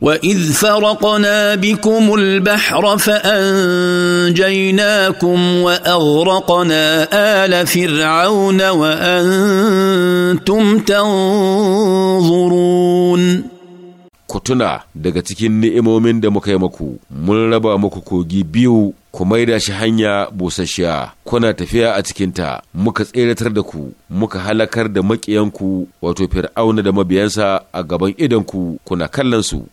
واذ فرقنا بكم البحر فانجيناكم واغرقنا ال فرعون وانتم تنظرون ku tuna daga cikin ni'imomin da muka yi muku mun raba muku kogi biyu ku maida shi hanya busasshiya kuna tafiya a cikinta muka tseratar da ku muka halakar da maƙiyanku wato fir'auna da mabiyansa a gaban idanku kuna kallon su